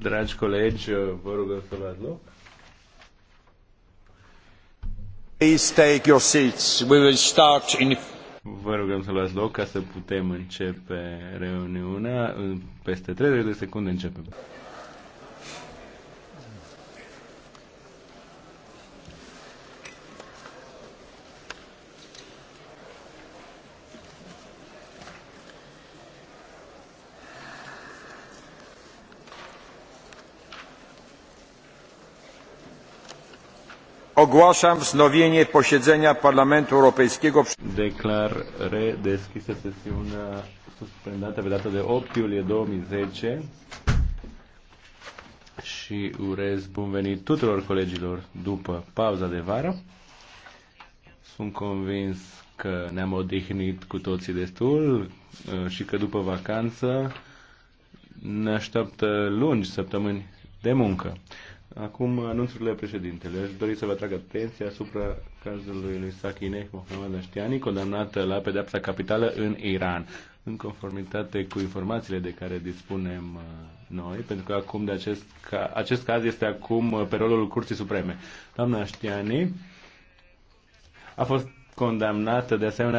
Dragi colegi, uh, vă rugăm să luați loc. Please take your seats. We will start in... Vă rugăm să luați loc ca să putem începe reuniunea. Peste 30 de secunde începem. Ogłaszam wznowienie posiedzenia Parlamentu Europejskiego. Declar redeschisă sesiunea suspendată pe data de 8 iulie 2010 și urez bun venit tuturor colegilor după pauza de vară. Sunt convins că ne-am odihnit cu toții destul uh, și că după vacanță ne așteaptă lungi săptămâni de muncă. Acum anunțurile președintele. Aș dori să vă atrag atenția asupra cazului lui Sakineh Mohamed Ashtiani, condamnat la pedepsa capitală în Iran, în conformitate cu informațiile de care dispunem uh, noi, pentru că acum de acest, ca, acest caz este acum uh, pe rolul Curții Supreme. Doamna Ashtiani a fost condamnată de asemenea la